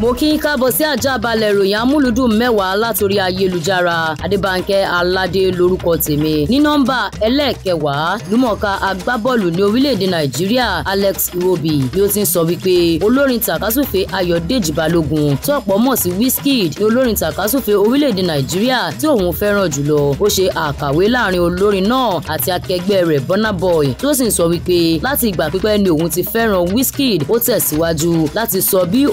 mo kí n káàbọ̀ sí àjàbalẹ̀ ìròyìn amúlùdùn mẹ́wàá látòrí ayélujára adébánkẹ́ aládé lórúkọ tèmi ní nọ́mbà ẹlẹ́ẹ̀kẹwàá lúmọ̀ọ́ká agbábọ́ọ̀lù ní orílẹ̀-èdè nàìjíríà alex iwobi ni ó ti ń sọ wípé olórin tàkásùfé ayọ̀dèjì balógun tí ọ̀pọ̀ mọ̀ sí wizkid ni olórin tàkásùfé orílẹ̀-èdè nàìjíríà tí òun fẹ́ràn jùlọ ó ṣe àkàwé láàrin olórin náà boy tí ó sì ń sọ wípé láti ìgbà pípẹ́ ni òun ti fẹ́ràn wizkid ó tẹ̀síwájú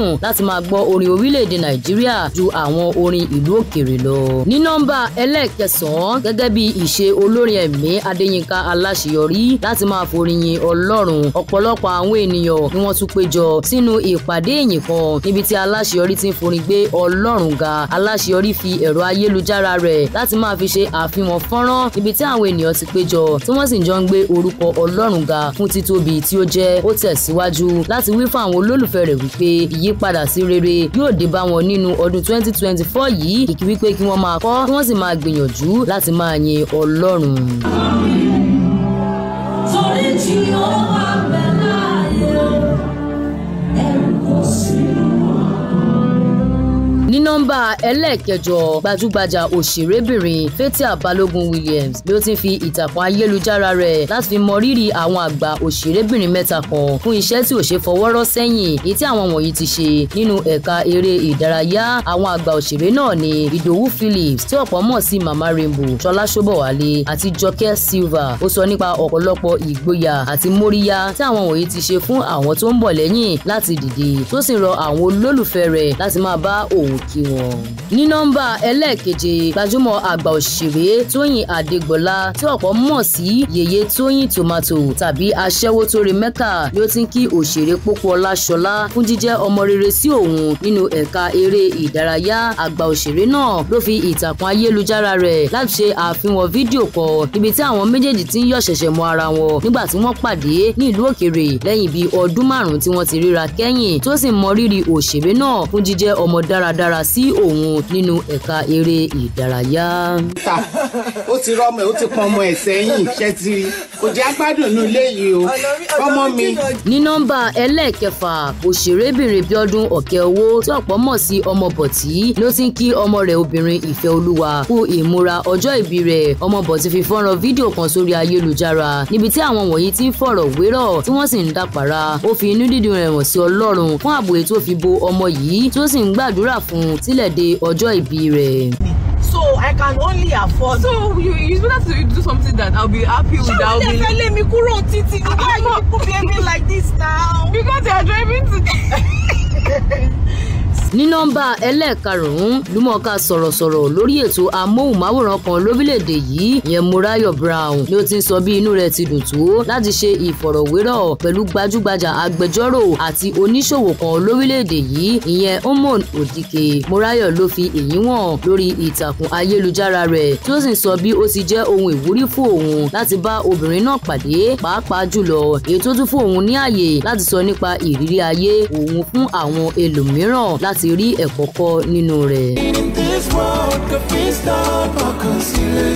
lọ́rùn láti máa gbọ́ orin orílẹ̀-èdè nàìjíríà ju àwọn orin ìlú òkèèrè lọ. ní nọ́mbà ẹlẹ́ẹ̀kẹsàn-án gẹ́gẹ́ bí ìṣe olórin ẹ̀mí adéyínká aláṣeyọrí láti máa foríyìn ọlọ́run ọ̀pọ̀lọpọ̀ àwọn ènìyàn ni wọ́n tún péjọ sínú ìpàdé èyìn kan níbi tí aláṣeyọrí ti ń forin gbé ọlọ́run ga aláṣeyọrí fi ẹ̀rọ ayélujára rẹ̀ láti máa fi ṣe àfihàn fọ́nrán níbi tí àwọn ènìyàn ti péjọ tí wọ́n sì ń jọ ń gbé orúkọ ọlọ́run ga fún títóbi tí ó jẹ́ ó tẹ̀síwájú láti wí fún àwọn olólùfẹ́ rẹ̀ wípé ìyè ìyípadà sí rere yóò dé bá wọn nínú ọdún 2024 yìí kìkì wípé kí wọ́n máa kọ́ kí wọ́n sì máa gbìyànjú láti máa yin Ọlọ́run. torí tí ó bẹ̀rẹ̀. nọ́mbà ẹlẹ́ẹ̀kẹjọ gbajúgbajà òṣèrébìnrin Fathia Balogun Williams bí ó ti ń fi ìtàkùn ayélujára rẹ̀ láti fi mọ rírì àwọn àgbà òṣèrébìnrin mẹ́ta kan fún iṣẹ́ tí ò ṣe fọwọ́rọ́ sẹ́yìn èyí tí àwọn wọ̀nyí ti ṣe nínú ẹ̀ka eré ìdárayá àwọn àgbà òṣèré náà ni Ìdòwú Phillips tí ọ̀pọ̀ mọ̀ sí Mama Rainbow Ṣọlá Ṣóbọ̀wálé àti Jọkẹ́ Silva ó sọ nípa ọ̀pọ̀lọpọ̀ ìgboyà àti móríyá tí àwọn wọ̀nyí ti ṣe fún àwọn tó ń bọ̀ lẹ́yìn láti dìde tó sì rọ àwọn olólùfẹ́ rẹ̀ láti máa bá òun kí àfihàn. ní nọ́mbà ẹlẹ́ẹ̀keje gbajúmọ̀ àgbà òṣèré tóyìn adégbọlá tí ọ̀pọ̀ mọ̀ sí yèyé tóyìn tomato tàbí aṣẹ́wó tó re mẹ́kà ni ó ti ń kí òṣèré pópọ̀ ọláṣọlá fún jíjẹ́ ọmọ rere sí òun nínú ẹ̀ka eré ìdárayá àgbà òṣèré náà ló fi ìtàkùn ayélujára rẹ̀ láti ṣe àfihàn fídíò kan níbi tí àwọn méjèèjì ti ń yọ̀ ṣẹ̀ṣẹ̀ mọ ara wọn nígbà tí wọ́n pàdé ní ìlú òkèrè lẹ́yìn bíi ọdún márùn-ún tí wọ́n ti ríra kẹ́yìn tó sì mọ rírì òṣèré náà fún jíjẹ́ ọmọ dáradára sí òun nínú ẹ̀ka eré ìdárayá. ó ti rọ́mọ ẹ̀ ó ti pọn ọmọ ẹ̀ sẹ́yìn ṣẹ́ ti kò jẹ́ agbádùn ní ilé yìí o ọmọ mi. ní nọ́mbà ẹlẹ́ẹ̀kẹfà òṣèrébìnrin Bíọ́dún Ọ̀kẹ́owó tí ọ̀pọ̀ mọ̀ sí ọmọ bọ̀tí ló ti ń kí ọmọ rẹ̀ obìnrin Ìfẹ́olúwa kú ìmúra ọjọ́ ìbí rẹ̀ ọmọ bọ̀tí fi fọ́nrán fídíò kan sórí ayélujára níbi tí àwọn wọ̀nyí ti ń fọ̀rọ̀ wérọ̀ tí wọ́n sì ń dàpàrà ó fi inú dídùn rẹ̀ hàn sí Ọlọ́run fún ààbò ètò òfìbo ọmọ yìí tí sì ń gbàdúrà fún tílẹ̀ de ọjọ́ ìbí rẹ̀ so i can only afford. so you you better to do something that i'll be happy with. ṣé wọ́n lè fẹ́ lé mi kúrò títí. why you people behaving like this now. because they are driving ní nọ́mbà ẹlẹ́ẹ̀karùn-ún lúmọ̀ọ́ká sọ̀rọ̀sọ̀rọ̀ lórí ètò amóhùnmáwòrán kan lórílẹ̀‐èdè yìí ìyẹn Mọ́ráyọ̀ Brown ni ó ti ń sọ bí inú rẹ̀ ti dùn tó láti ṣe ìfọ̀rọ̀wérọ̀ pẹ̀lú gbajúgbajà agbẹjọ́rò àti oníṣòwò kan lórílẹ̀‐èdè yìí ìyẹn Omon Odike Mọ́ráyọ̀ ló fi èyí wọ̀n lórí ìtàkùn ayélujára rẹ̀ tí ó sì ń sọ bí ó ti jẹ́ ohun ìwúrí fún òun láti bá obìnrin náà pàdé pàápàá jùlọ èyí tó tún fún òun ní àyè láti sọ nípa ìrírí ayé òun fún àwọn ẹlòmíràn láti láti rí ẹ̀kọ́ nínú rẹ̀. In this world, the feast of our concealer.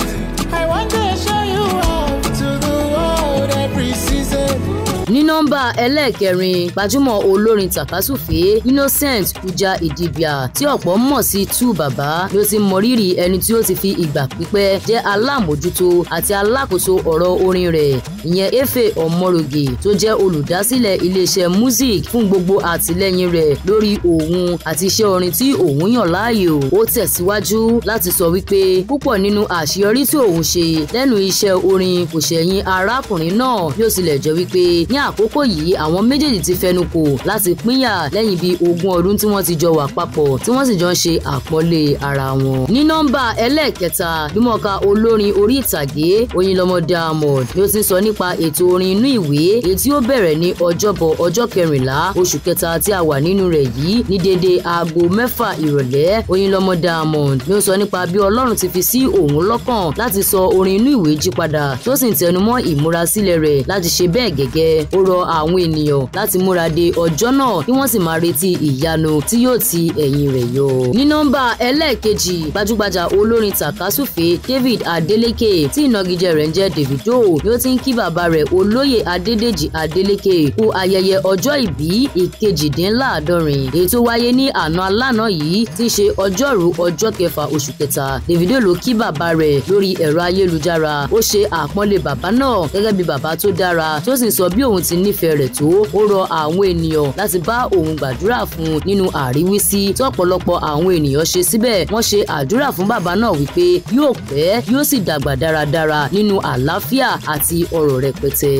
ẹlẹ́ẹ̀kẹrin gbajúmọ̀ olórin tàkásùfé Innocent Uja Idibia tí ọ̀pọ̀ mọ̀ sí tú bàbá ni ó ti mọrírì ẹni tí ó ti fi ìgbà pípẹ́ jẹ́ alámòjútó àti alákòóso ọ̀rọ̀ orin rẹ̀ ìyẹn Efe Omoroge tó jẹ́ olùdásílẹ̀ iléeṣẹ́ music fún gbogbo àtìlẹ́yìn rẹ̀ lórí òun àti iṣẹ́ orin tí òun yàn láàyò ó tẹ̀síwájú láti sọ wípé púpọ̀ nínú àṣeyọrí tí òun ṣe lẹ́nu iṣẹ́ orin kò ṣẹ̀yìn arákùnrin náà bí ó tilẹ̀ jẹ́ wípé ní àkókò y yìí àwọn méjèèjì ti fẹnu kò láti pínyà lẹ́yìn bíi ogún ọdún tí wọ́n ti jọ wà papọ̀ tí wọ́n sì jọ ń ṣe àpọ́nlé ara wọn. ní nọ́mbà ẹlẹ́ẹ̀kẹta bímọ̀ọ́ká olórin orí ìtàgé Oyinlọmọ Diamond ni ó ti ń sọ nípa ètò orin inú ìwé èyí tí ó bẹ̀rẹ̀ ní ọjọ́bọ̀ ọjọ́ kẹrìnlá oṣù kẹta tí a wà nínú rẹ̀ yìí ní dédé aago mẹ́fà ìrọ̀lẹ́ Oyinlọmọ Diamond ni ó sọ nípa bí Ọlọ́run ti fi sí òun lọ́kàn láti sọ orin inú ìwé jí padà tó sì ń tẹnumọ́ ìmúrasílẹ̀ rẹ̀ láti ṣe bẹ́ẹ̀ gẹ́gẹ́ ó rọ àwọn ènìyàn láti múra de ọjọ́ náà kí wọ́n sì máa retí ìyanu tí yóò ti ẹ̀yìn rẹ̀ yọ. ní nọ́mbà ẹlẹ́ẹ̀kejì gbajúgbajà olórin tàkásùfé David Adeleke tí ìnagijẹ rẹ̀ ń jẹ́ Davido ni ó ti ń kí bàbá rẹ̀ olóyè Adédèjì Adeleke kú ayẹyẹ ọjọ́ ìbí ìkejìdínláàdọ́rin ètò wáyé ní àná alánà yìí ti ṣe ọjọ́rú ọjọ́ kẹfà oṣù kẹta Davido ló kí bàbá rẹ̀ lórí ẹ̀rọ ayélujára ó ṣe àpọ́nlé bàbá náà gẹ́gẹ́ bí bàbá tó dára tó sì sọ bí òun ti nífẹ̀ẹ́ rẹ̀ tó ó rọ àwọn ènìyàn láti bá òun gbàdúrà fún un nínú àríwísí tí ọ̀pọ̀lọpọ̀ àwọn ènìyàn ṣe síbẹ̀ wọ́n ṣe àdúrà fún bàbá náà wípé yóò pẹ́ yóò sì dàgbà dáradára nínú àlàáfíà àti ọ̀rọ̀ rẹpẹtẹ.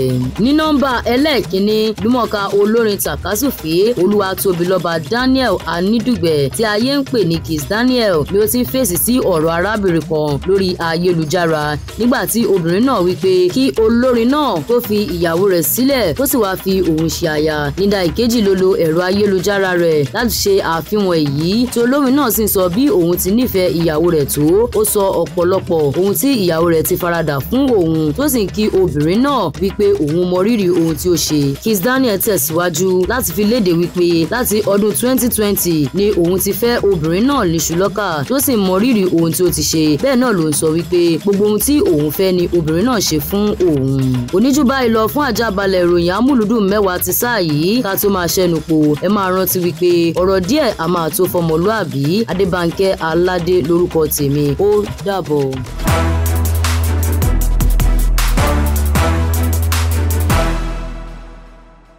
ní nọ́mbà ẹlẹ́ẹ̀kínní lúmọ̀ọ́ká olórin tàkásùfé olúwatóbilọ́ba Daniel Anidugbe tí ayé ń pè ní Kiss Daniel ni ó ti ń fèsì sí ọ̀rọ̀ arábìnrin kan lórí ayélujára nígbà tí obìnrin náà wípé kí olórin náà tó fi ìyàwó rẹ̀ sílẹ̀ tó sì wáá fi òun ṣe aya Linda Ìkejì ló lo ẹ̀rọ ayélujára rẹ̀ láti ṣe àfihàn èyí tí olórin náà sì ń sọ bí òun ti nífẹ̀ẹ́ ìyàwó rẹ̀ tó ó sọ ọ̀pọ̀lọpọ̀ ohun tí ìyàwó rẹ̀ ti faradà fún òun tó sì ń kí obìnrin náà wípé òun mọrírì ohun tí ó ṣe Kiss Daniel tẹ̀síwájú láti fi léde wípé láti ọdún 2020 ni òun ti fẹ́ obìnrin náà níṣu lọ́kà tó sì mọrírì ohun tí ó ti ṣe bẹ́ẹ̀ náà ló ń sọ wípé gbogbo ohun tí òun fẹ́ ni obìnrin náà ṣe fún òun oníjú báyìí lọ fún àjábalẹ̀ ìròyìn amúlùdù ọdún mẹ́wàá ti sáà yìí ká tó máa ṣẹnu po ẹ máa rántí wípé ọ̀rọ̀ díẹ̀ a máa tó fọmọlúàbí Adébánkẹ́ Aládé lórúkọ tèmi ó dàbọ̀.